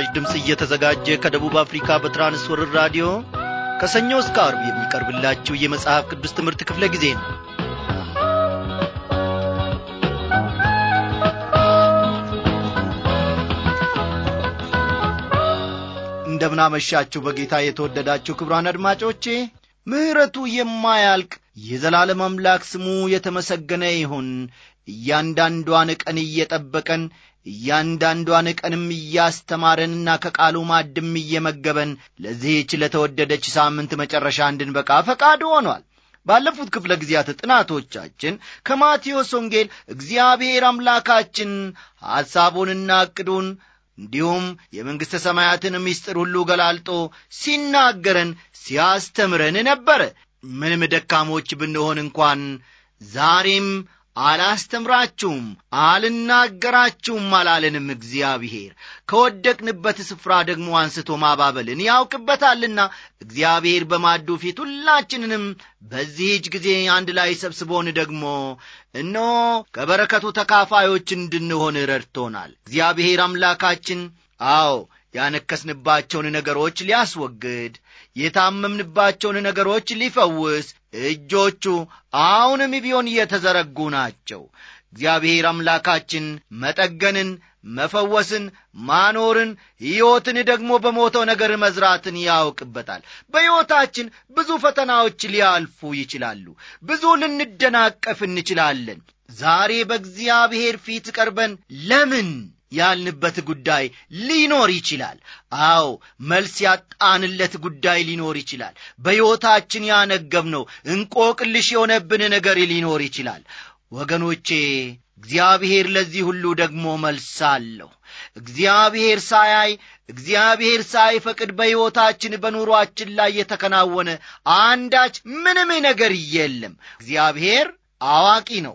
ለመስራች ድምፅ እየተዘጋጀ ከደቡብ አፍሪካ በትራንስወርር ራዲዮ ከሰኞ እስከ አርብ የሚቀርብላችሁ የመጽሐፍ ቅዱስ ትምህርት ክፍለ ጊዜ ነው እንደምናመሻችሁ በጌታ የተወደዳችሁ ክብሯን አድማጮቼ ምሕረቱ የማያልቅ የዘላለም አምላክ ስሙ የተመሰገነ ይሁን እያንዳንዷን ቀን እየጠበቀን እያንዳንዷን ቀንም እያስተማረንና ከቃሉ ማድም እየመገበን ለዚህች ለተወደደች ሳምንት መጨረሻ እንድንበቃ ፈቃድ ሆኗል። ባለፉት ክፍለ ጊዜያት ጥናቶቻችን ከማቴዎስ ወንጌል እግዚአብሔር አምላካችን ሐሳቡንና ዕቅዱን እንዲሁም የመንግሥተ ሰማያትን ምስጢር ሁሉ ገላልጦ ሲናገረን ሲያስተምረን ነበረ። ምንም ደካሞች ብንሆን እንኳን ዛሬም አላስተምራችሁም፣ አልናገራችሁም አላለንም። እግዚአብሔር ከወደቅንበት ስፍራ ደግሞ አንስቶ ማባበልን ያውቅበታልና እግዚአብሔር በማዱ ፊት ሁላችንንም በዚህች ጊዜ አንድ ላይ ሰብስቦን ደግሞ እኖ ከበረከቱ ተካፋዮች እንድንሆን ረድቶናል። እግዚአብሔር አምላካችን አዎ ያነከስንባቸውን ነገሮች ሊያስወግድ የታመምንባቸውን ነገሮች ሊፈውስ እጆቹ አሁንም ቢሆን የተዘረጉ ናቸው። እግዚአብሔር አምላካችን መጠገንን፣ መፈወስን፣ ማኖርን፣ ሕይወትን ደግሞ በሞተው ነገር መዝራትን ያውቅበታል። በሕይወታችን ብዙ ፈተናዎች ሊያልፉ ይችላሉ። ብዙ ልንደናቀፍ እንችላለን። ዛሬ በእግዚአብሔር ፊት ቀርበን ለምን ያልንበት ጉዳይ ሊኖር ይችላል። አዎ መልስ ያጣንለት ጉዳይ ሊኖር ይችላል። በሕይወታችን ያነገብነው እንቆቅልሽ የሆነብን ነገር ሊኖር ይችላል። ወገኖቼ እግዚአብሔር ለዚህ ሁሉ ደግሞ መልስ አለሁ። እግዚአብሔር ሳያይ እግዚአብሔር ሳይፈቅድ በሕይወታችን በኑሯችን ላይ የተከናወነ አንዳች ምንም ነገር የለም። እግዚአብሔር አዋቂ ነው።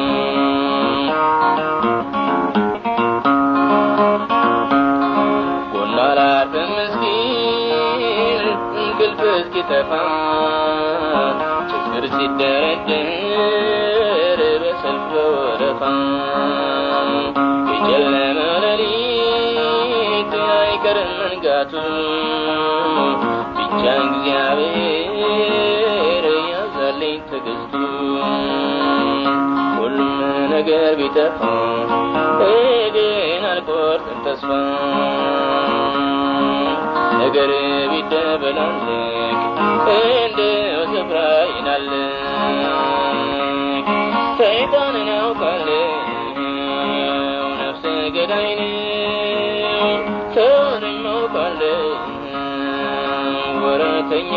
ሲሰፋ ችግር ሲደረደር በሰልፍ ወረፋ ሌሊት አይቀርም መንጋቱ ብቻ እግዚአብሔር ያዛልኝ ትዕግስቱ ሁሉም ነገር ቢጠፋ ተስፋ ነገር እንዴው ስፍራ ይናል ሰይጣንን አውቃለሁ ነፍስ ገዳይ ሰውንም አውቃለሁ ወራተኛ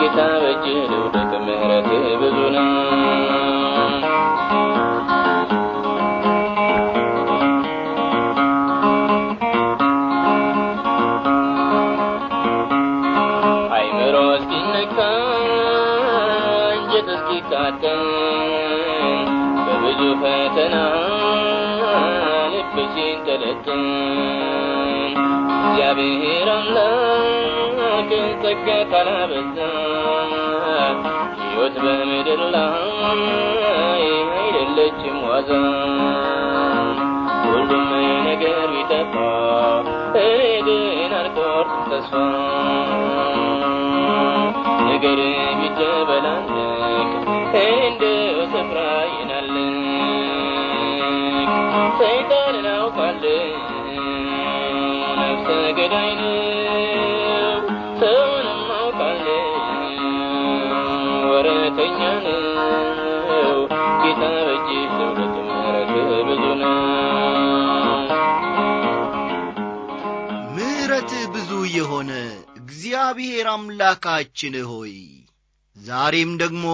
ጌታ በእጅህ ልውደቅ ምህረትህ ብዙ ነው ፈተና ልብሽን ተለጥን እግዚአብሔር አምላክን ጸጋ ካላበዛ ሕይወት በምድር ላይ አይደለችም ዋዛ ሁሉም ነገር ቢጠፋ እኔ ግን አልቆርጥም ተስፋ ነገር ቢደ ገዳይ ብዙ ብዙ የሆነ እግዚአብሔር አምላካችን ሆይ ዛሬም ደግሞ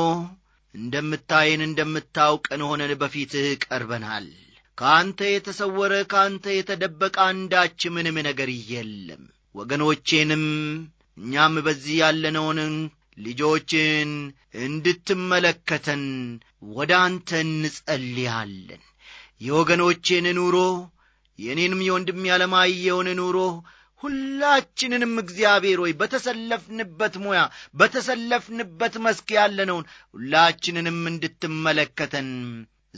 እንደምታየን እንደምታውቀን ሆነን በፊትህ ቀርበናል። ከአንተ የተሰወረ ከአንተ የተደበቀ አንዳች ምንም ነገር የለም። ወገኖቼንም እኛም በዚህ ያለነውን ልጆችን እንድትመለከተን ወደ አንተ እንጸልያለን። የወገኖቼን ኑሮ የእኔንም የወንድም ያለማየውን ኑሮ ሁላችንንም እግዚአብሔር ሆይ በተሰለፍንበት ሙያ በተሰለፍንበት መስክ ያለነውን ሁላችንንም እንድትመለከተን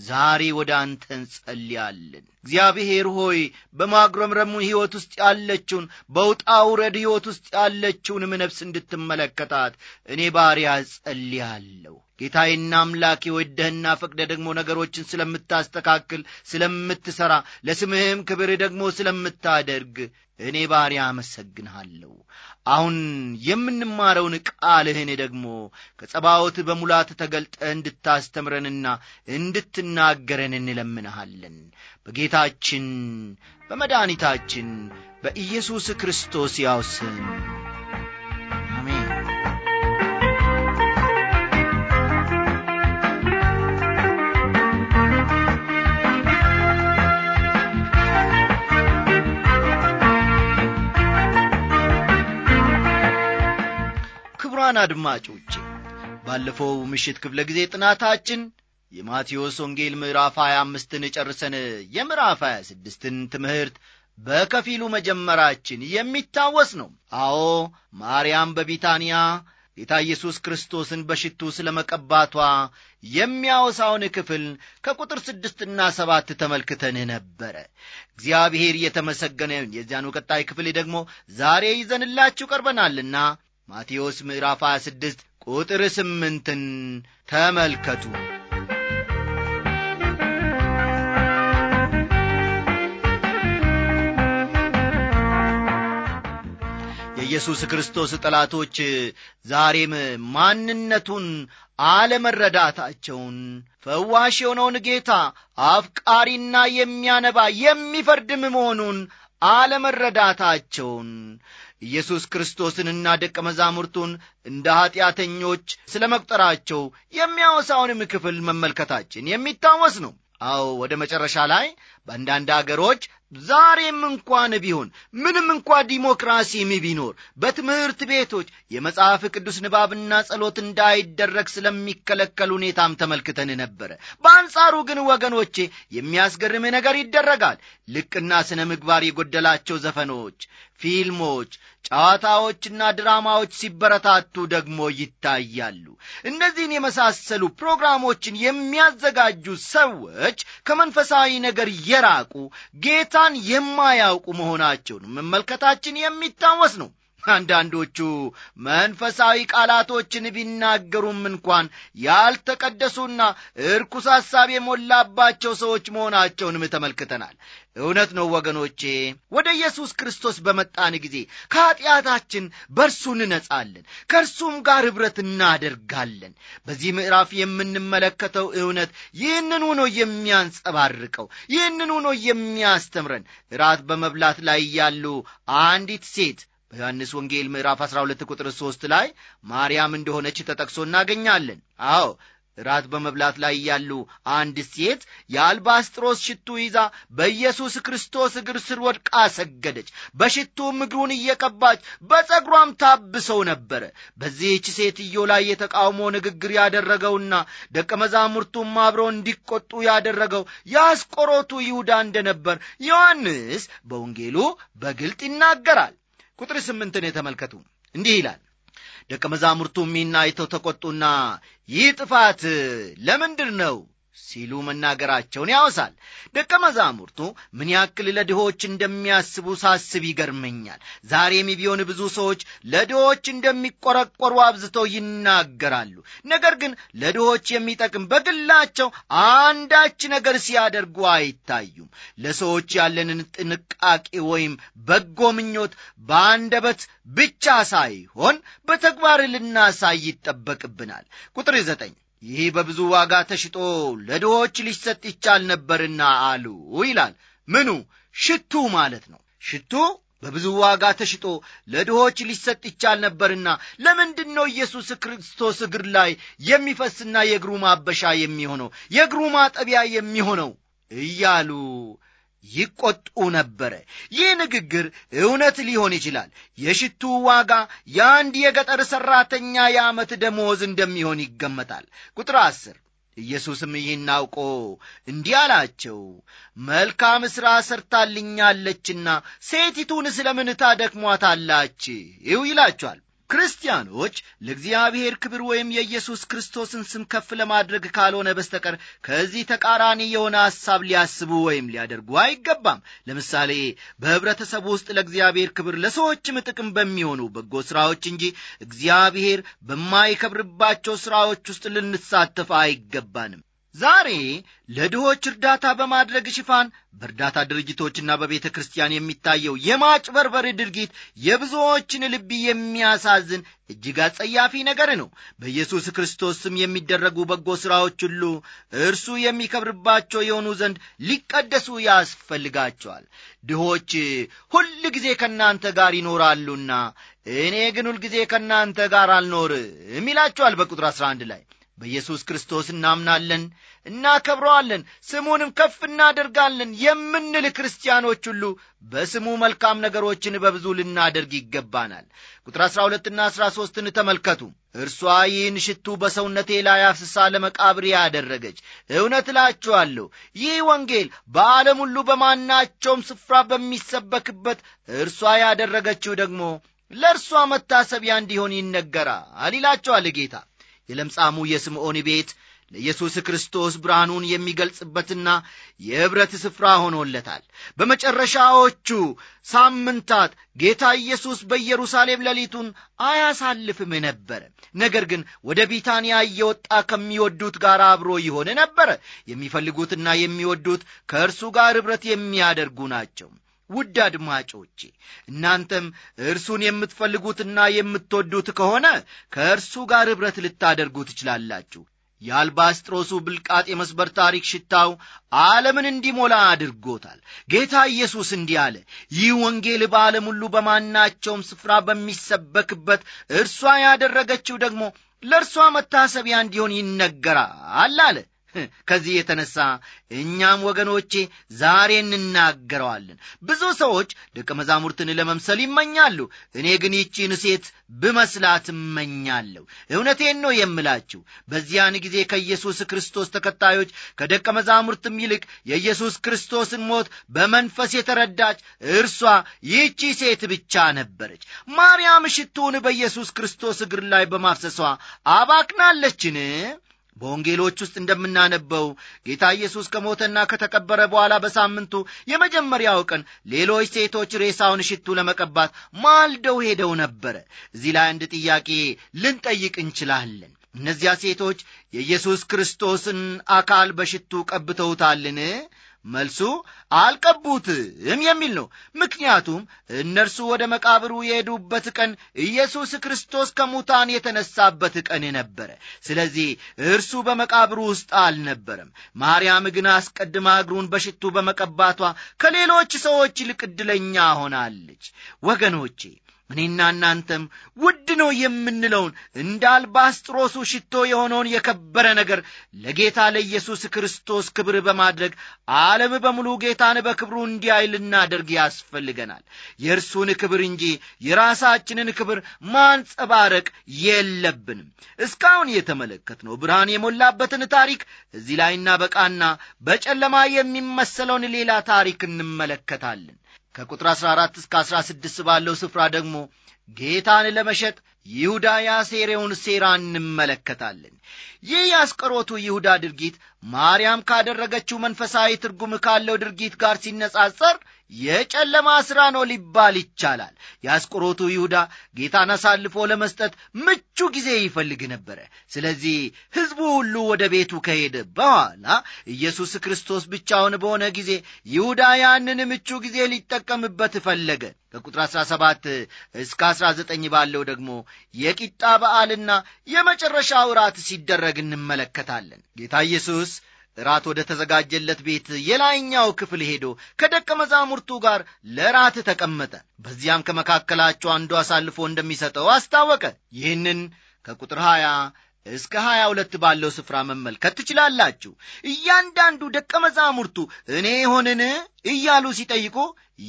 ዛሬ ወደ አንተ እንጸልያለን እግዚአብሔር ሆይ በማጉረምረሙ ሕይወት ውስጥ ያለችውን በውጣ ውረድ ሕይወት ውስጥ ያለችውንም ነፍስ እንድትመለከታት እኔ ባሪያ ጸልያለሁ። ጌታዬና አምላኬ ወደህና ፈቅደ ደግሞ ነገሮችን ስለምታስተካክል፣ ስለምትሠራ፣ ለስምህም ክብር ደግሞ ስለምታደርግ እኔ ባሪያ አመሰግንሃለሁ። አሁን የምንማረውን ቃልህን ደግሞ ከጸባዖት በሙላት ተገልጠ እንድታስተምረንና እንድትናገረን እንለምንሃለን በጌታችን በመድኃኒታችን በኢየሱስ ክርስቶስ ያውስም አሜን። ክቡራን አድማጮቼ ባለፈው ምሽት ክፍለ ጊዜ ጥናታችን የማቴዎስ ወንጌል ምዕራፍ 25ን ጨርሰን የምዕራፍ 26ን ትምህርት በከፊሉ መጀመራችን የሚታወስ ነው። አዎ ማርያም በቢታንያ ጌታ ኢየሱስ ክርስቶስን በሽቱ ስለ መቀባቷ የሚያወሳውን ክፍል ከቁጥር ስድስትና ሰባት ተመልክተን ነበረ። እግዚአብሔር የተመሰገነ የዚያኑ ቀጣይ ክፍል ደግሞ ዛሬ ይዘንላችሁ ቀርበናልና ማቴዎስ ምዕራፍ 26 ቁጥር ስምንትን ተመልከቱ። የኢየሱስ ክርስቶስ ጠላቶች ዛሬም ማንነቱን አለመረዳታቸውን ፈዋሽ የሆነውን ጌታ አፍቃሪና የሚያነባ የሚፈርድም መሆኑን አለመረዳታቸውን ኢየሱስ ክርስቶስንና ደቀ መዛሙርቱን እንደ ኀጢአተኞች ስለ መቁጠራቸው የሚያወሳውንም ክፍል መመልከታችን የሚታወስ ነው። አዎ ወደ መጨረሻ ላይ በአንዳንድ አገሮች ዛሬም እንኳን ቢሆን ምንም እንኳ ዲሞክራሲም ቢኖር በትምህርት ቤቶች የመጽሐፍ ቅዱስ ንባብና ጸሎት እንዳይደረግ ስለሚከለከል ሁኔታም ተመልክተን ነበረ። በአንጻሩ ግን ወገኖቼ የሚያስገርም ነገር ይደረጋል። ልቅና ስነ ምግባር የጎደላቸው ዘፈኖች፣ ፊልሞች፣ ጨዋታዎችና ድራማዎች ሲበረታቱ ደግሞ ይታያሉ። እነዚህን የመሳሰሉ ፕሮግራሞችን የሚያዘጋጁ ሰዎች ከመንፈሳዊ ነገር የ የራቁ ጌታን የማያውቁ መሆናቸውን መመልከታችን የሚታወስ ነው አንዳንዶቹ መንፈሳዊ ቃላቶችን ቢናገሩም እንኳን ያልተቀደሱና እርኩስ ሐሳብ የሞላባቸው ሰዎች መሆናቸውንም ተመልክተናል። እውነት ነው ወገኖቼ፣ ወደ ኢየሱስ ክርስቶስ በመጣን ጊዜ ከኀጢአታችን በእርሱ እንነጻለን፣ ከእርሱም ጋር ኅብረት እናደርጋለን። በዚህ ምዕራፍ የምንመለከተው እውነት ይህንን ሆኖ የሚያንጸባርቀው ይህንን ሆኖ የሚያስተምረን ራት በመብላት ላይ ያሉ አንዲት ሴት በዮሐንስ ወንጌል ምዕራፍ 12 ቁጥር 3 ላይ ማርያም እንደሆነች ተጠቅሶ እናገኛለን። አዎ ራት በመብላት ላይ ያሉ አንድ ሴት የአልባስጥሮስ ሽቱ ይዛ በኢየሱስ ክርስቶስ እግር ስር ወድቃ ሰገደች። በሽቱም እግሩን እየቀባች በጸጉሯም ታብሰው ነበረ። በዚህች ሴትዮ ላይ የተቃውሞ ንግግር ያደረገውና ደቀ መዛሙርቱም አብረው እንዲቆጡ ያደረገው የአስቆሮቱ ይሁዳ እንደነበር ዮሐንስ በወንጌሉ በግልጥ ይናገራል። ቁጥር ስምንትን የተመልከቱ እንዲህ ይላል ደቀ ሚና ይናይተው ተቈጡና ይህ ጥፋት ለምንድር ነው ሲሉ መናገራቸውን ያወሳል። ደቀ መዛሙርቱ ምን ያክል ለድሆች እንደሚያስቡ ሳስብ ይገርመኛል። ዛሬም ቢሆን ብዙ ሰዎች ለድሆች እንደሚቆረቆሩ አብዝተው ይናገራሉ። ነገር ግን ለድሆች የሚጠቅም በግላቸው አንዳች ነገር ሲያደርጉ አይታዩም። ለሰዎች ያለንን ጥንቃቄ ወይም በጎ ምኞት በአንደበት ብቻ ሳይሆን በተግባር ልናሳይ ይጠበቅብናል። ቁጥር ዘጠኝ ይህ በብዙ ዋጋ ተሽጦ ለድሆች ሊሰጥ ይቻል ነበርና አሉ ይላል። ምኑ ሽቱ ማለት ነው። ሽቱ በብዙ ዋጋ ተሽጦ ለድሆች ሊሰጥ ይቻል ነበርና ለምንድን ነው ኢየሱስ ክርስቶስ እግር ላይ የሚፈስና የእግሩ ማበሻ የሚሆነው የእግሩ ማጠቢያ የሚሆነው እያሉ ይቆጡ ነበረ። ይህ ንግግር እውነት ሊሆን ይችላል። የሽቱ ዋጋ የአንድ የገጠር ሠራተኛ የዓመት ደመወዝ እንደሚሆን ይገመታል። ቁጥር አስር ኢየሱስም ይህን አውቆ እንዲህ አላቸው፣ መልካም ሥራ ሰርታልኛለችና ሴቲቱን ስለምን ታደክሟታላችሁ? ይላችኋል ክርስቲያኖች ለእግዚአብሔር ክብር ወይም የኢየሱስ ክርስቶስን ስም ከፍ ለማድረግ ካልሆነ በስተቀር ከዚህ ተቃራኒ የሆነ ሐሳብ ሊያስቡ ወይም ሊያደርጉ አይገባም። ለምሳሌ በኅብረተሰቡ ውስጥ ለእግዚአብሔር ክብር ለሰዎችም ጥቅም በሚሆኑ በጎ ሥራዎች እንጂ እግዚአብሔር በማይከብርባቸው ሥራዎች ውስጥ ልንሳተፍ አይገባንም። ዛሬ ለድሆች እርዳታ በማድረግ ሽፋን በእርዳታ ድርጅቶችና በቤተ ክርስቲያን የሚታየው የማጭበርበር ድርጊት የብዙዎችን ልብ የሚያሳዝን እጅግ አጸያፊ ነገር ነው። በኢየሱስ ክርስቶስ ስም የሚደረጉ በጎ ሥራዎች ሁሉ እርሱ የሚከብርባቸው የሆኑ ዘንድ ሊቀደሱ ያስፈልጋቸዋል። ድሆች ሁል ጊዜ ከእናንተ ጋር ይኖራሉና እኔ ግን ሁልጊዜ ከእናንተ ጋር አልኖርም ይላቸዋል በቁጥር 11 ላይ በኢየሱስ ክርስቶስ እናምናለን፣ እናከብረዋለን፣ ስሙንም ከፍ እናደርጋለን የምንል ክርስቲያኖች ሁሉ በስሙ መልካም ነገሮችን በብዙ ልናደርግ ይገባናል። ቁጥር 12ና 13 ሦስትን ተመልከቱ። እርሷ ይህን ሽቱ በሰውነቴ ላይ አፍስሳ ለመቃብሬ ያደረገች፣ እውነት እላችኋለሁ ይህ ወንጌል በዓለም ሁሉ በማናቸውም ስፍራ በሚሰበክበት እርሷ ያደረገችው ደግሞ ለእርሷ መታሰቢያ እንዲሆን ይነገራል ይላቸዋል ጌታ የለምጻሙ የስምዖን ቤት ለኢየሱስ ክርስቶስ ብርሃኑን የሚገልጽበትና የኅብረት ስፍራ ሆኖለታል። በመጨረሻዎቹ ሳምንታት ጌታ ኢየሱስ በኢየሩሳሌም ሌሊቱን አያሳልፍም ነበረ። ነገር ግን ወደ ቢታንያ እየወጣ ከሚወዱት ጋር አብሮ ይሆን ነበረ። የሚፈልጉትና የሚወዱት ከእርሱ ጋር ኅብረት የሚያደርጉ ናቸው። ውድ አድማጮቼ እናንተም እርሱን የምትፈልጉትና የምትወዱት ከሆነ ከእርሱ ጋር ኅብረት ልታደርጉ ትችላላችሁ። የአልባስጥሮሱ ብልቃጥ የመስበር ታሪክ ሽታው ዓለምን እንዲሞላ አድርጎታል። ጌታ ኢየሱስ እንዲህ አለ፣ ይህ ወንጌል በዓለም ሁሉ በማናቸውም ስፍራ በሚሰበክበት እርሷ ያደረገችው ደግሞ ለእርሷ መታሰቢያ እንዲሆን ይነገራል አለ። ከዚህ የተነሳ እኛም ወገኖቼ ዛሬ እንናገረዋለን። ብዙ ሰዎች ደቀ መዛሙርትን ለመምሰል ይመኛሉ። እኔ ግን ይቺን ሴት ብመስላት እመኛለሁ። እውነቴን ነው የምላችሁ። በዚያን ጊዜ ከኢየሱስ ክርስቶስ ተከታዮች ከደቀ መዛሙርትም ይልቅ የኢየሱስ ክርስቶስን ሞት በመንፈስ የተረዳች እርሷ ይቺ ሴት ብቻ ነበረች። ማርያም ሽቱን በኢየሱስ ክርስቶስ እግር ላይ በማፍሰሷ አባክናለችን? በወንጌሎች ውስጥ እንደምናነበው ጌታ ኢየሱስ ከሞተና ከተቀበረ በኋላ በሳምንቱ የመጀመሪያው ቀን ሌሎች ሴቶች ሬሳውን ሽቱ ለመቀባት ማልደው ሄደው ነበረ። እዚህ ላይ አንድ ጥያቄ ልንጠይቅ እንችላለን። እነዚያ ሴቶች የኢየሱስ ክርስቶስን አካል በሽቱ ቀብተውታልን? መልሱ አልቀቡትም የሚል ነው። ምክንያቱም እነርሱ ወደ መቃብሩ የሄዱበት ቀን ኢየሱስ ክርስቶስ ከሙታን የተነሳበት ቀን ነበረ። ስለዚህ እርሱ በመቃብሩ ውስጥ አልነበረም። ማርያም ግን አስቀድማ እግሩን በሽቱ በመቀባቷ ከሌሎች ሰዎች ይልቅ ዕድለኛ ሆናለች። ወገኖቼ እኔና እናንተም ውድ ነው የምንለውን እንደ አልባስጥሮሱ ሽቶ የሆነውን የከበረ ነገር ለጌታ ለኢየሱስ ክርስቶስ ክብር በማድረግ ዓለም በሙሉ ጌታን በክብሩ እንዲያይ ልናደርግ ያስፈልገናል። የእርሱን ክብር እንጂ የራሳችንን ክብር ማንጸባረቅ የለብንም። እስካሁን የተመለከትነው ብርሃን የሞላበትን ታሪክ እዚህ ላይ እናበቃና በጨለማ የሚመሰለውን ሌላ ታሪክ እንመለከታለን። ከቁጥር 14 እስከ 16 ባለው ስፍራ ደግሞ ጌታን ለመሸጥ ይሁዳ ያሴረውን ሴራ እንመለከታለን። ይህ የአስቆሮቱ ይሁዳ ድርጊት ማርያም ካደረገችው መንፈሳዊ ትርጉም ካለው ድርጊት ጋር ሲነጻጸር የጨለማ ሥራ ነው ሊባል ይቻላል። የአስቆሮቱ ይሁዳ ጌታን አሳልፎ ለመስጠት ምቹ ጊዜ ይፈልግ ነበረ። ስለዚህ ሕዝቡ ሁሉ ወደ ቤቱ ከሄደ በኋላ ኢየሱስ ክርስቶስ ብቻውን በሆነ ጊዜ ይሁዳ ያንን ምቹ ጊዜ ሊጠቀምበት ፈለገ። ከቁጥር 17 እስከ 19 ባለው ደግሞ የቂጣ በዓልና የመጨረሻ እራት ሲደረግ እንመለከታለን። ጌታ ኢየሱስ ራት ወደ ተዘጋጀለት ቤት የላይኛው ክፍል ሄዶ ከደቀ መዛሙርቱ ጋር ለራት ተቀመጠ። በዚያም ከመካከላቸው አንዱ አሳልፎ እንደሚሰጠው አስታወቀ። ይህንን ከቁጥር 20 እስከ ሀያ ሁለት ባለው ስፍራ መመልከት ትችላላችሁ። እያንዳንዱ ደቀ መዛሙርቱ እኔ ሆንን እያሉ ሲጠይቁ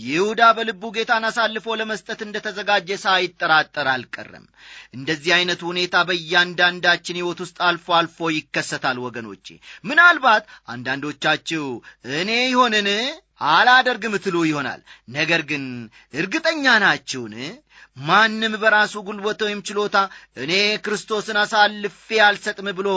ይሁዳ በልቡ ጌታን አሳልፎ ለመስጠት እንደተዘጋጀ ሳይጠራጠር አልቀረም። እንደዚህ አይነት ሁኔታ በእያንዳንዳችን ሕይወት ውስጥ አልፎ አልፎ ይከሰታል። ወገኖቼ ምናልባት አንዳንዶቻችሁ እኔ ይሆንን አላደርግም ትሉ ይሆናል። ነገር ግን እርግጠኛ ናችሁን? ማንም በራሱ ጉልበት ወይም ችሎታ እኔ ክርስቶስን አሳልፌ አልሰጥም ብሎ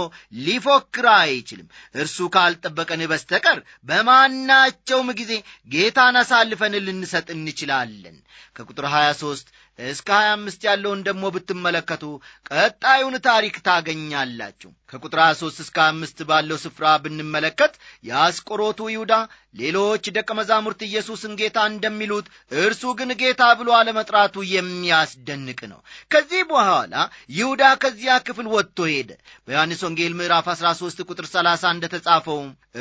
ሊፎክር አይችልም። እርሱ ካልጠበቀን በስተቀር በማናቸውም ጊዜ ጌታን አሳልፈን ልንሰጥ እንችላለን። ከቁጥር 23 እስከ ሀያ አምስት ያለውን ደግሞ ብትመለከቱ ቀጣዩን ታሪክ ታገኛላችሁ። ከቁጥር ሀያ ሦስት እስከ አምስት ባለው ስፍራ ብንመለከት የአስቆሮቱ ይሁዳ ሌሎች ደቀ መዛሙርት ኢየሱስን ጌታ እንደሚሉት እርሱ ግን ጌታ ብሎ አለመጥራቱ የሚያስደንቅ ነው። ከዚህ በኋላ ይሁዳ ከዚያ ክፍል ወጥቶ ሄደ። በዮሐንስ ወንጌል ምዕራፍ 13 ቁጥር 30 እንደተጻፈው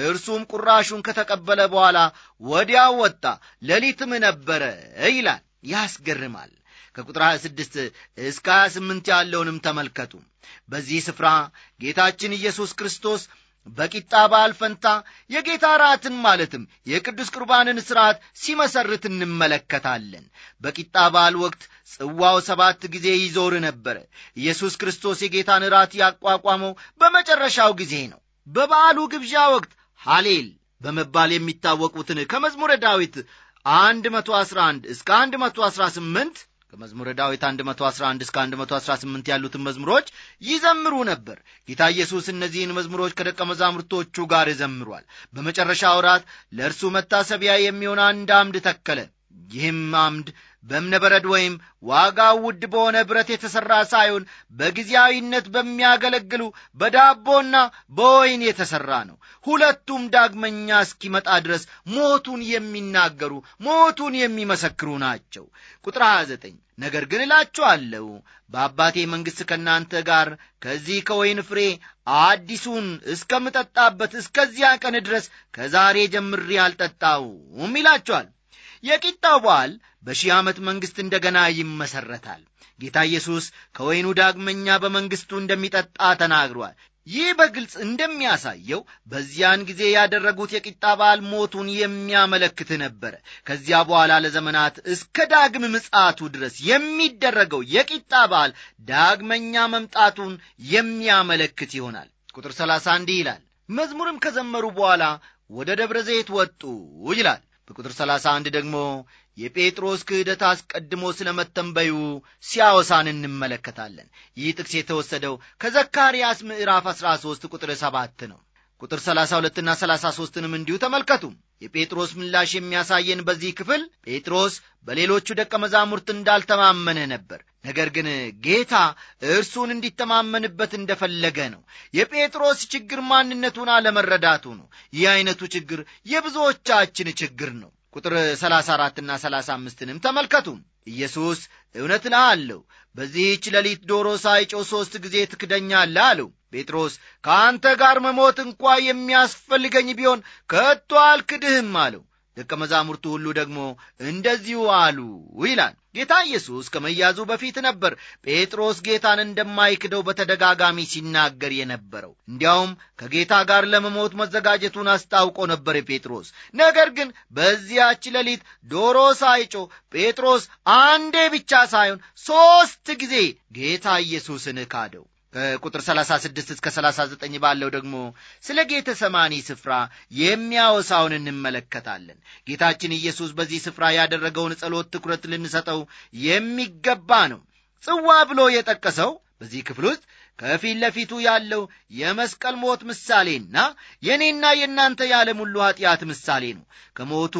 እርሱም ቁራሹን ከተቀበለ በኋላ ወዲያው ወጣ፣ ሌሊትም ነበረ ይላል። ያስገርማል። ከቁጥር 26 እስከ 28 ያለውንም ተመልከቱ። በዚህ ስፍራ ጌታችን ኢየሱስ ክርስቶስ በቂጣ በዓል ፈንታ የጌታ ራትን ማለትም የቅዱስ ቁርባንን ሥርዓት ሲመሰርት እንመለከታለን። በቂጣ በዓል ወቅት ጽዋው ሰባት ጊዜ ይዞር ነበረ። ኢየሱስ ክርስቶስ የጌታን ራት ያቋቋመው በመጨረሻው ጊዜ ነው። በበዓሉ ግብዣ ወቅት ሐሌል በመባል የሚታወቁትን ከመዝሙረ ዳዊት 111 እስከ 118 ከመዝሙረ ዳዊት 111 እስከ 118 ያሉትን መዝሙሮች ይዘምሩ ነበር። ጌታ ኢየሱስ እነዚህን መዝሙሮች ከደቀ መዛሙርቶቹ ጋር ዘምሯል። በመጨረሻ ወራት ለእርሱ መታሰቢያ የሚሆን አንድ አምድ ተከለ። ይህም አምድ በእብነበረድ ወይም ዋጋው ውድ በሆነ ብረት የተሠራ ሳይሆን በጊዜያዊነት በሚያገለግሉ በዳቦና በወይን የተሠራ ነው። ሁለቱም ዳግመኛ እስኪመጣ ድረስ ሞቱን የሚናገሩ ሞቱን የሚመሰክሩ ናቸው። ቁጥር 29 ነገር ግን እላችኋለሁ በአባቴ መንግሥት ከእናንተ ጋር ከዚህ ከወይን ፍሬ አዲሱን እስከምጠጣበት እስከዚያ ቀን ድረስ ከዛሬ ጀምሬ አልጠጣውም ይላችኋል የቂጣው በዓል በሺህ ዓመት መንግሥት እንደ ገና ይመሠረታል። ጌታ ኢየሱስ ከወይኑ ዳግመኛ በመንግሥቱ እንደሚጠጣ ተናግሯል። ይህ በግልጽ እንደሚያሳየው በዚያን ጊዜ ያደረጉት የቂጣ በዓል ሞቱን የሚያመለክት ነበረ። ከዚያ በኋላ ለዘመናት እስከ ዳግም ምጻቱ ድረስ የሚደረገው የቂጣ በዓል ዳግመኛ መምጣቱን የሚያመለክት ይሆናል። ቁጥር 30 እንዲህ ይላል፣ መዝሙርም ከዘመሩ በኋላ ወደ ደብረ ዘይት ወጡ ይላል። በቁጥር 31 ደግሞ የጴጥሮስ ክህደት አስቀድሞ ስለ መተንበዩ ሲያወሳን እንመለከታለን። ይህ ጥቅስ የተወሰደው ከዘካርያስ ምዕራፍ 13 ቁጥር 7 ነው። ቁጥር 32ና 33ንም እንዲሁ ተመልከቱ። የጴጥሮስ ምላሽ የሚያሳየን በዚህ ክፍል ጴጥሮስ በሌሎቹ ደቀ መዛሙርት እንዳልተማመነ ነበር። ነገር ግን ጌታ እርሱን እንዲተማመንበት እንደፈለገ ነው። የጴጥሮስ ችግር ማንነቱን አለመረዳቱ ነው። ይህ ዐይነቱ ችግር የብዙዎቻችን ችግር ነው። ቁጥር 34ና 35ንም ተመልከቱ። ኢየሱስ እውነት እልሃለሁ በዚህች ሌሊት ዶሮ ሳይጮ ሦስት ጊዜ ትክደኛለ አለው። ጴጥሮስ ከአንተ ጋር መሞት እንኳ የሚያስፈልገኝ ቢሆን ከቶ አልክድህም አለው። ደቀ መዛሙርቱ ሁሉ ደግሞ እንደዚሁ አሉ ይላል። ጌታ ኢየሱስ ከመያዙ በፊት ነበር ጴጥሮስ ጌታን እንደማይክደው በተደጋጋሚ ሲናገር የነበረው። እንዲያውም ከጌታ ጋር ለመሞት መዘጋጀቱን አስታውቆ ነበር ጴጥሮስ። ነገር ግን በዚያች ሌሊት ዶሮ ሳይጮ ጴጥሮስ አንዴ ብቻ ሳይሆን ሦስት ጊዜ ጌታ ኢየሱስን ካደው። ከቁጥር 36 እስከ 39 ባለው ደግሞ ስለ ጌተ ሰማኒ ስፍራ የሚያወሳውን እንመለከታለን። ጌታችን ኢየሱስ በዚህ ስፍራ ያደረገውን ጸሎት ትኩረት ልንሰጠው የሚገባ ነው። ጽዋ ብሎ የጠቀሰው በዚህ ክፍል ውስጥ ከፊት ለፊቱ ያለው የመስቀል ሞት ምሳሌና የእኔና የእናንተ የዓለም ሁሉ ኀጢአት ምሳሌ ነው። ከሞቱ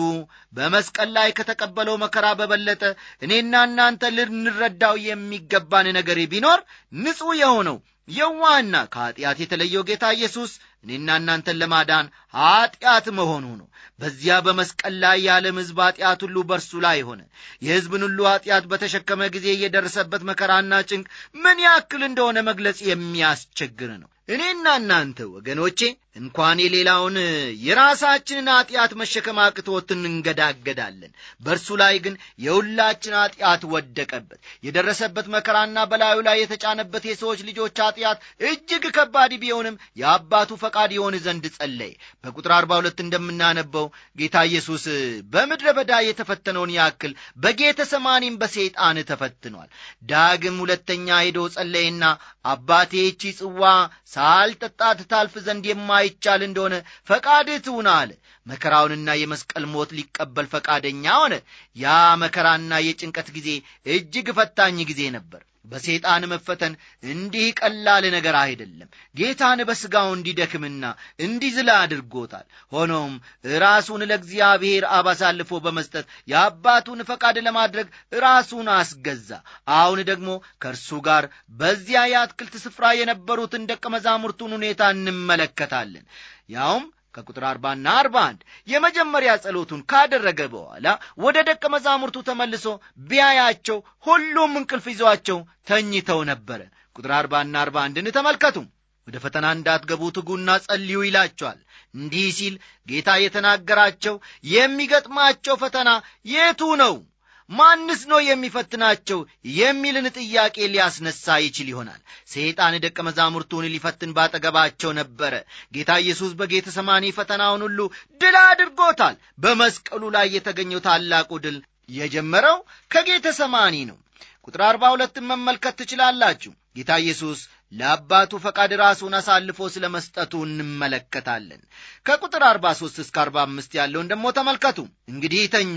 በመስቀል ላይ ከተቀበለው መከራ በበለጠ እኔና እናንተ ልንረዳው የሚገባን ነገር ቢኖር ንጹሕ የሆነው የዋህና ከኀጢአት የተለየው ጌታ ኢየሱስ እኔና እናንተን ለማዳን ኀጢአት መሆኑ ነው። በዚያ በመስቀል ላይ የዓለም ሕዝብ ኀጢአት ሁሉ በእርሱ ላይ ሆነ። የሕዝብን ሁሉ ኀጢአት በተሸከመ ጊዜ የደረሰበት መከራና ጭንቅ ምን ያክል እንደሆነ መግለጽ የሚያስቸግር ነው። እኔና እናንተ ወገኖቼ እንኳን የሌላውን የራሳችንን ኀጢአት መሸከም አቅቶት እንገዳገዳለን። በእርሱ ላይ ግን የሁላችን ኀጢአት ወደቀበት። የደረሰበት መከራና በላዩ ላይ የተጫነበት የሰዎች ልጆች ኀጢአት እጅግ ከባድ ቢሆንም የአባቱ ፈቃድ ይሆን ዘንድ ጸለይ። በቁጥር አርባ ሁለት እንደምናነበው ጌታ ኢየሱስ በምድረ በዳ የተፈተነውን ያክል በጌተ ሰማኒም በሰይጣን ተፈትኗል። ዳግም ሁለተኛ ሄዶ ጸለይና አባቴ ይቺ ጽዋ ሳልጠጣት ታልፍ ዘንድ የማይቻል እንደሆነ ፈቃድህ ትሁን አለ። መከራውንና የመስቀል ሞት ሊቀበል ፈቃደኛ ሆነ። ያ መከራና የጭንቀት ጊዜ እጅግ ፈታኝ ጊዜ ነበር። በሰይጣን መፈተን እንዲህ ቀላል ነገር አይደለም። ጌታን በሥጋው እንዲደክምና እንዲዝላ አድርጎታል። ሆኖም ራሱን ለእግዚአብሔር አብ አሳልፎ በመስጠት የአባቱን ፈቃድ ለማድረግ ራሱን አስገዛ። አሁን ደግሞ ከእርሱ ጋር በዚያ የአትክልት ስፍራ የነበሩትን ደቀ መዛሙርቱን ሁኔታ እንመለከታለን ያውም ከቁጥር አርባና አርባ አንድ የመጀመሪያ ጸሎቱን ካደረገ በኋላ ወደ ደቀ መዛሙርቱ ተመልሶ ቢያያቸው ሁሉም እንቅልፍ ይዟቸው ተኝተው ነበረ። ቁጥር አርባና አርባ አንድን ተመልከቱ። ወደ ፈተና እንዳትገቡ ትጉና ጸልዩ ይላቸዋል። እንዲህ ሲል ጌታ የተናገራቸው የሚገጥማቸው ፈተና የቱ ነው? ማንስ ነው የሚፈትናቸው የሚልን ጥያቄ ሊያስነሳ ይችል ይሆናል። ሰይጣን ደቀ መዛሙርቱን ሊፈትን ባጠገባቸው ነበረ። ጌታ ኢየሱስ በጌተ ሰማኒ ፈተናውን ሁሉ ድል አድርጎታል። በመስቀሉ ላይ የተገኘው ታላቁ ድል የጀመረው ከጌተ ሰማኒ ነው። ቁጥር አርባ ሁለትን መመልከት ትችላላችሁ። ጌታ ኢየሱስ ለአባቱ ፈቃድ ራሱን አሳልፎ ስለ መስጠቱ እንመለከታለን። ከቁጥር 43 እስከ 45 ያለውን ደግሞ ተመልከቱ። እንግዲህ ተኙ፣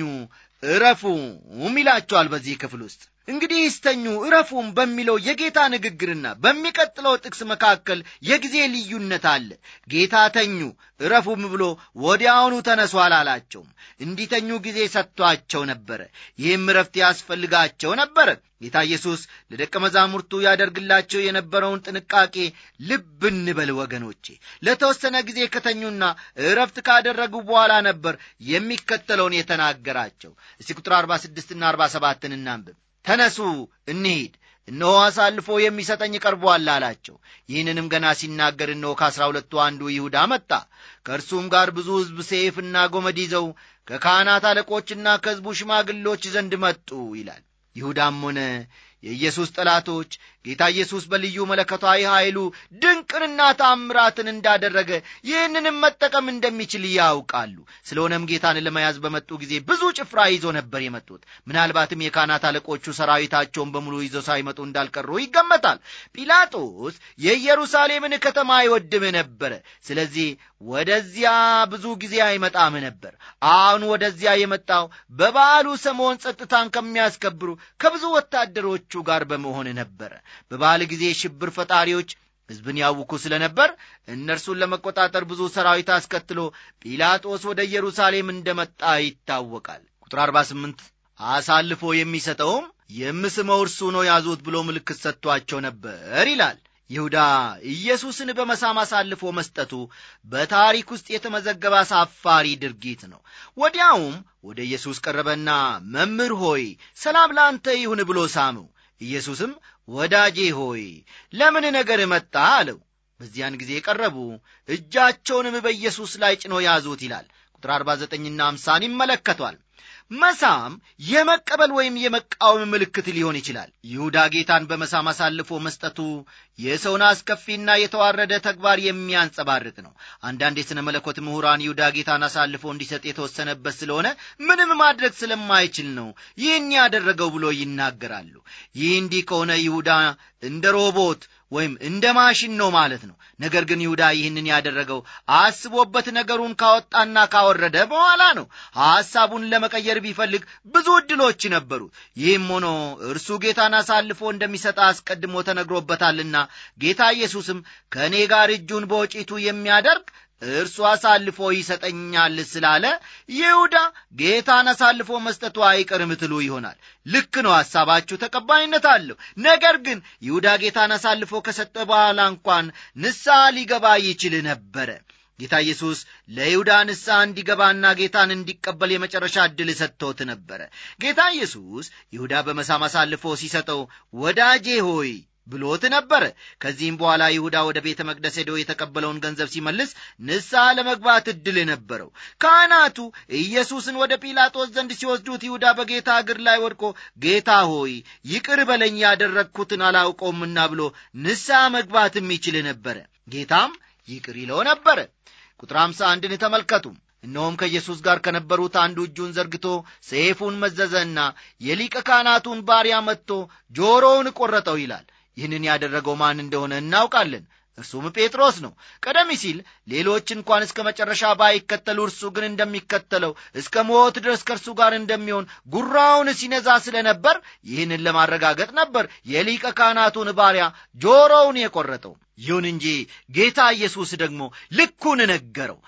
እረፉም ይላቸዋል። በዚህ ክፍል ውስጥ እንግዲህ ይስተኙ እረፉም በሚለው የጌታ ንግግርና በሚቀጥለው ጥቅስ መካከል የጊዜ ልዩነት አለ። ጌታ ተኙ እረፉም ብሎ ወዲያውኑ ተነሱ አላላቸውም። እንዲተኙ ጊዜ ሰጥቷቸው ነበረ። ይህም እረፍት ያስፈልጋቸው ነበረ። ጌታ ኢየሱስ ለደቀ መዛሙርቱ ያደርግላቸው የነበረውን ጥንቃቄ ልብ እንበል ወገኖቼ። ለተወሰነ ጊዜ ከተኙና እረፍት ካደረጉ በኋላ ነበር የሚከተለውን የተናገራቸው። እስቲ ቁጥር 46ና 47 እናንብብ። ተነሱ እንሂድ፣ እነሆ አሳልፎ የሚሰጠኝ ቀርቧል አላቸው። ይህንንም ገና ሲናገር እነሆ ከአሥራ ሁለቱ አንዱ ይሁዳ መጣ። ከእርሱም ጋር ብዙ ሕዝብ ሰይፍና ጎመድ ይዘው ከካህናት አለቆችና ከሕዝቡ ሽማግሎች ዘንድ መጡ ይላል። ይሁዳም ሆነ የኢየሱስ ጠላቶች ጌታ ኢየሱስ በልዩ መለከታዊ ኃይሉ ድንቅንና ታምራትን እንዳደረገ ይህንንም መጠቀም እንደሚችል ያውቃሉ። ስለሆነም ጌታን ለመያዝ በመጡ ጊዜ ብዙ ጭፍራ ይዞ ነበር የመጡት። ምናልባትም የካህናት አለቆቹ ሰራዊታቸውን በሙሉ ይዘው ሳይመጡ እንዳልቀሩ ይገመታል። ጲላጦስ የኢየሩሳሌምን ከተማ አይወድም ነበረ። ስለዚህ ወደዚያ ብዙ ጊዜ አይመጣም ነበር። አሁን ወደዚያ የመጣው በበዓሉ ሰሞን ጸጥታን ከሚያስከብሩ ከብዙ ወታደሮቹ ጋር በመሆን ነበረ። በባል ጊዜ ሽብር ፈጣሪዎች ሕዝብን ያውኩ ስለ ነበር እነርሱን ለመቆጣጠር ብዙ ሰራዊት አስከትሎ ጲላጦስ ወደ ኢየሩሳሌም እንደመጣ ይታወቃል። ቁጥር 48 አሳልፎ የሚሰጠውም የምስመው እርሱ ነው ያዙት ብሎ ምልክት ሰጥቷቸው ነበር ይላል። ይሁዳ ኢየሱስን በመሳም አሳልፎ መስጠቱ በታሪክ ውስጥ የተመዘገበ አሳፋሪ ድርጊት ነው። ወዲያውም ወደ ኢየሱስ ቀረበና መምህር ሆይ ሰላም ለአንተ ይሁን ብሎ ሳመው። ኢየሱስም ወዳጄ ሆይ ለምን ነገር መጣ አለው በዚያን ጊዜ ቀረቡ እጃቸውንም በኢየሱስ ላይ ጭኖ ያዙት ይላል ቁጥር 49ና 50 ይመለከቷል መሳም የመቀበል ወይም የመቃወም ምልክት ሊሆን ይችላል። ይሁዳ ጌታን በመሳም አሳልፎ መስጠቱ የሰውን አስከፊና የተዋረደ ተግባር የሚያንጸባርቅ ነው። አንዳንድ የሥነ መለኮት ምሁራን ይሁዳ ጌታን አሳልፎ እንዲሰጥ የተወሰነበት ስለሆነ ምንም ማድረግ ስለማይችል ነው ይህን ያደረገው ብሎ ይናገራሉ። ይህ እንዲህ ከሆነ ይሁዳ እንደ ሮቦት ወይም እንደ ማሽን ነው ማለት ነው። ነገር ግን ይሁዳ ይህንን ያደረገው አስቦበት ነገሩን ካወጣና ካወረደ በኋላ ነው። ሐሳቡን ለመቀየር ቢፈልግ ብዙ ዕድሎች ነበሩት። ይህም ሆኖ እርሱ ጌታን አሳልፎ እንደሚሰጥ አስቀድሞ ተነግሮበታልና ጌታ ኢየሱስም ከእኔ ጋር እጁን በወጪቱ የሚያደርግ እርሱ አሳልፎ ይሰጠኛል ስላለ ይሁዳ ጌታን አሳልፎ መስጠቱ አይቀርም ትሉ ይሆናል። ልክ ነው፣ ሐሳባችሁ ተቀባይነት አለው። ነገር ግን ይሁዳ ጌታን አሳልፎ ከሰጠ በኋላ እንኳን ንሳ ሊገባ ይችል ነበረ። ጌታ ኢየሱስ ለይሁዳ ንሳ እንዲገባና ጌታን እንዲቀበል የመጨረሻ ዕድል ሰጥቶት ነበረ። ጌታ ኢየሱስ ይሁዳ በመሳም አሳልፎ ሲሰጠው ወዳጄ ሆይ ብሎት ነበር። ከዚህም በኋላ ይሁዳ ወደ ቤተ መቅደስ ሄዶ የተቀበለውን ገንዘብ ሲመልስ ንስሐ ለመግባት ዕድል የነበረው ካህናቱ ኢየሱስን ወደ ጲላጦስ ዘንድ ሲወስዱት ይሁዳ በጌታ እግር ላይ ወድቆ ጌታ ሆይ ይቅር በለኝ ያደረግኩትን አላውቀውምና ብሎ ንስሐ መግባትም ይችል ነበረ። ጌታም ይቅር ይለው ነበረ። ቁጥር አምሳ አንድን ተመልከቱ። እነሆም ከኢየሱስ ጋር ከነበሩት አንዱ እጁን ዘርግቶ ሰይፉን መዘዘና የሊቀ ካህናቱን ባሪያ መጥቶ ጆሮውን ቈረጠው ይላል። ይህንን ያደረገው ማን እንደሆነ እናውቃለን። እርሱም ጴጥሮስ ነው። ቀደም ሲል ሌሎች እንኳን እስከ መጨረሻ ባይከተሉ እርሱ ግን እንደሚከተለው እስከ ሞት ድረስ ከእርሱ ጋር እንደሚሆን ጉራውን ሲነዛ ስለነበር ይህንን ለማረጋገጥ ነበር የሊቀ ካህናቱን ባሪያ ጆሮውን የቆረጠው። ይሁን እንጂ ጌታ ኢየሱስ ደግሞ ልኩን ነገረው።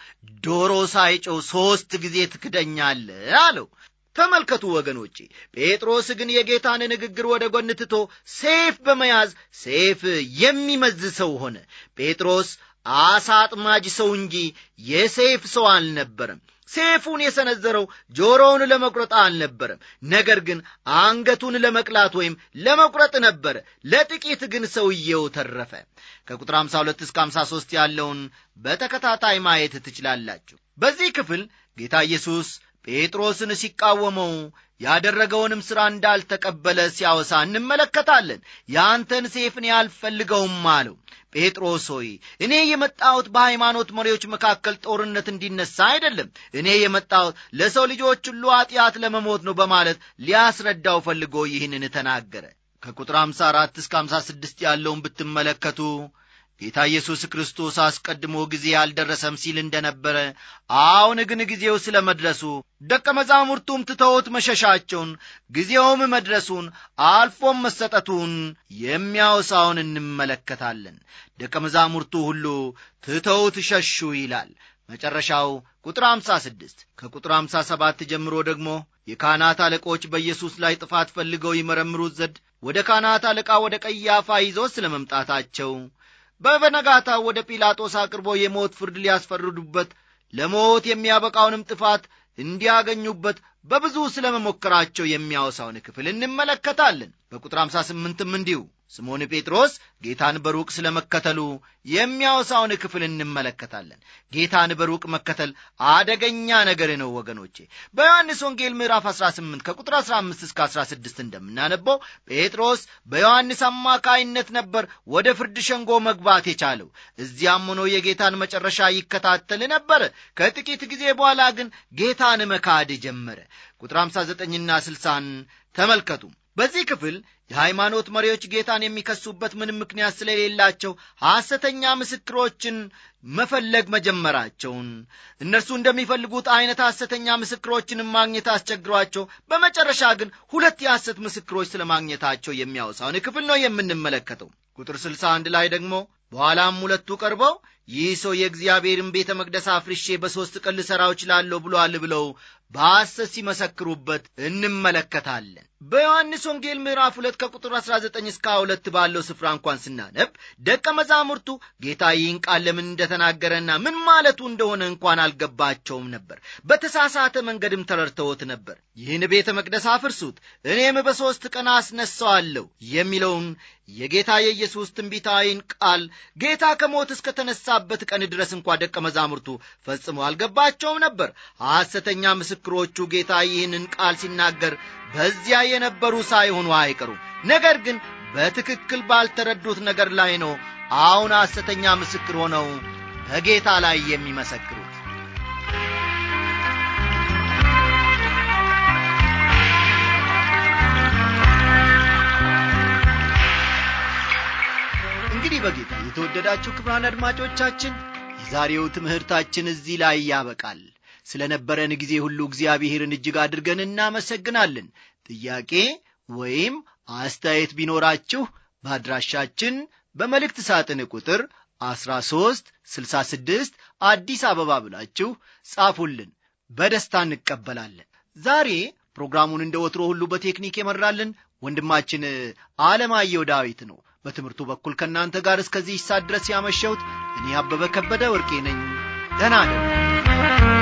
ዶሮ ሳይጮው ሦስት ጊዜ ትክደኛለህ አለው። ተመልከቱ ወገኖች ጴጥሮስ ግን የጌታን ንግግር ወደ ጎን ትቶ ሴፍ በመያዝ ሴፍ የሚመዝ ሰው ሆነ። ጴጥሮስ አሳ አጥማጅ ሰው እንጂ የሴፍ ሰው አልነበረም። ሴፉን የሰነዘረው ጆሮውን ለመቁረጥ አልነበረም፣ ነገር ግን አንገቱን ለመቅላት ወይም ለመቁረጥ ነበረ። ለጥቂት ግን ሰውየው ተረፈ። ከቁጥር 52 እስከ 53 ያለውን በተከታታይ ማየት ትችላላችሁ። በዚህ ክፍል ጌታ ኢየሱስ ጴጥሮስን ሲቃወመው ያደረገውንም ሥራ እንዳልተቀበለ ሲያወሳ እንመለከታለን። ያንተን ሴፍን ያልፈልገውም አለው። ጴጥሮስ ሆይ እኔ የመጣሁት በሃይማኖት መሪዎች መካከል ጦርነት እንዲነሳ አይደለም። እኔ የመጣሁት ለሰው ልጆች ሁሉ ኃጢአት ለመሞት ነው በማለት ሊያስረዳው ፈልጎ ይህንን ተናገረ። ከቁጥር 54 እስከ 56 ያለውን ብትመለከቱ ጌታ ኢየሱስ ክርስቶስ አስቀድሞ ጊዜ አልደረሰም ሲል እንደነበረ፣ አሁን ግን ጊዜው ስለ መድረሱ ደቀ መዛሙርቱም ትተውት መሸሻቸውን ጊዜውም መድረሱን አልፎም መሰጠቱን የሚያወሳውን እንመለከታለን። ደቀ መዛሙርቱ ሁሉ ትተውት ሸሹ ይላል። መጨረሻው ቁጥር 56 ከቁጥር 57 ጀምሮ ደግሞ የካህናት አለቆች በኢየሱስ ላይ ጥፋት ፈልገው ይመረምሩት ዘድ ወደ ካህናት አለቃ ወደ ቀያፋ ይዞ ስለ መምጣታቸው በበነጋታው ወደ ጲላጦስ አቅርቦ የሞት ፍርድ ሊያስፈርዱበት ለሞት የሚያበቃውንም ጥፋት እንዲያገኙበት በብዙ ስለ መሞከራቸው የሚያወሳውን ክፍል እንመለከታለን። በቁጥር 58ም እንዲሁ ስምዖን ጴጥሮስ ጌታን በሩቅ ስለ መከተሉ የሚያወሳውን ክፍል እንመለከታለን። ጌታን በሩቅ መከተል አደገኛ ነገር ነው ወገኖቼ። በዮሐንስ ወንጌል ምዕራፍ 18 ከቁጥር 15 እስከ 16 እንደምናነበው ጴጥሮስ በዮሐንስ አማካይነት ነበር ወደ ፍርድ ሸንጎ መግባት የቻለው። እዚያም ሆኖ የጌታን መጨረሻ ይከታተል ነበር። ከጥቂት ጊዜ በኋላ ግን ጌታን መካድ ጀመረ። ቁጥር 59ና 60ን ተመልከቱ። በዚህ ክፍል የሃይማኖት መሪዎች ጌታን የሚከሱበት ምንም ምክንያት ስለሌላቸው ሐሰተኛ ምስክሮችን መፈለግ መጀመራቸውን እነርሱ እንደሚፈልጉት ዐይነት ሐሰተኛ ምስክሮችን ማግኘት አስቸግሯቸው በመጨረሻ ግን ሁለት የሐሰት ምስክሮች ስለ ማግኘታቸው የሚያወሳውን ክፍል ነው የምንመለከተው። ቁጥር 61 አንድ ላይ ደግሞ በኋላም ሁለቱ ቀርበው ይህ ሰው የእግዚአብሔርን ቤተ መቅደስ አፍርሼ በሦስት ቀን ልሠራው እችላለሁ ብሏል ብለው በሐሰት ሲመሰክሩበት እንመለከታለን። በዮሐንስ ወንጌል ምዕራፍ 2 ከቁጥር 19 እስከ 22 ባለው ስፍራ እንኳን ስናነብ ደቀ መዛሙርቱ ጌታ ይህን ቃል ለምን እንደተናገረና ምን ማለቱ እንደሆነ እንኳን አልገባቸውም ነበር። በተሳሳተ መንገድም ተረድተውት ነበር። ይህን ቤተ መቅደስ አፍርሱት፣ እኔም በሦስት ቀን አስነሳዋለሁ የሚለውን የጌታ የኢየሱስ ትንቢታዊን ቃል ጌታ ከሞት እስከ ተነሳበት ቀን ድረስ እንኳ ደቀ መዛሙርቱ ፈጽሞ አልገባቸውም ነበር። ሐሰተኛ ምስክሮቹ ጌታ ይህንን ቃል ሲናገር በዚያ የነበሩ ሳይሆኑ አይቀሩም። ነገር ግን በትክክል ባልተረዱት ነገር ላይ ነው አሁን ሐሰተኛ ምስክር ሆነው በጌታ ላይ የሚመሰክሩት። እንግዲህ በጌታ የተወደዳችሁ ክብራን አድማጮቻችን የዛሬው ትምህርታችን እዚህ ላይ ያበቃል። ስለ ነበረን ጊዜ ሁሉ እግዚአብሔርን እጅግ አድርገን እናመሰግናለን። ጥያቄ ወይም አስተያየት ቢኖራችሁ በአድራሻችን በመልእክት ሳጥን ቁጥር 13 66 አዲስ አበባ ብላችሁ ጻፉልን። በደስታ እንቀበላለን። ዛሬ ፕሮግራሙን እንደ ወትሮ ሁሉ በቴክኒክ የመራልን ወንድማችን አለማየሁ ዳዊት ነው። በትምህርቱ በኩል ከእናንተ ጋር እስከዚህ ይሳት ድረስ ያመሸሁት እኔ አበበ ከበደ ወርቄ ነኝ። ደህና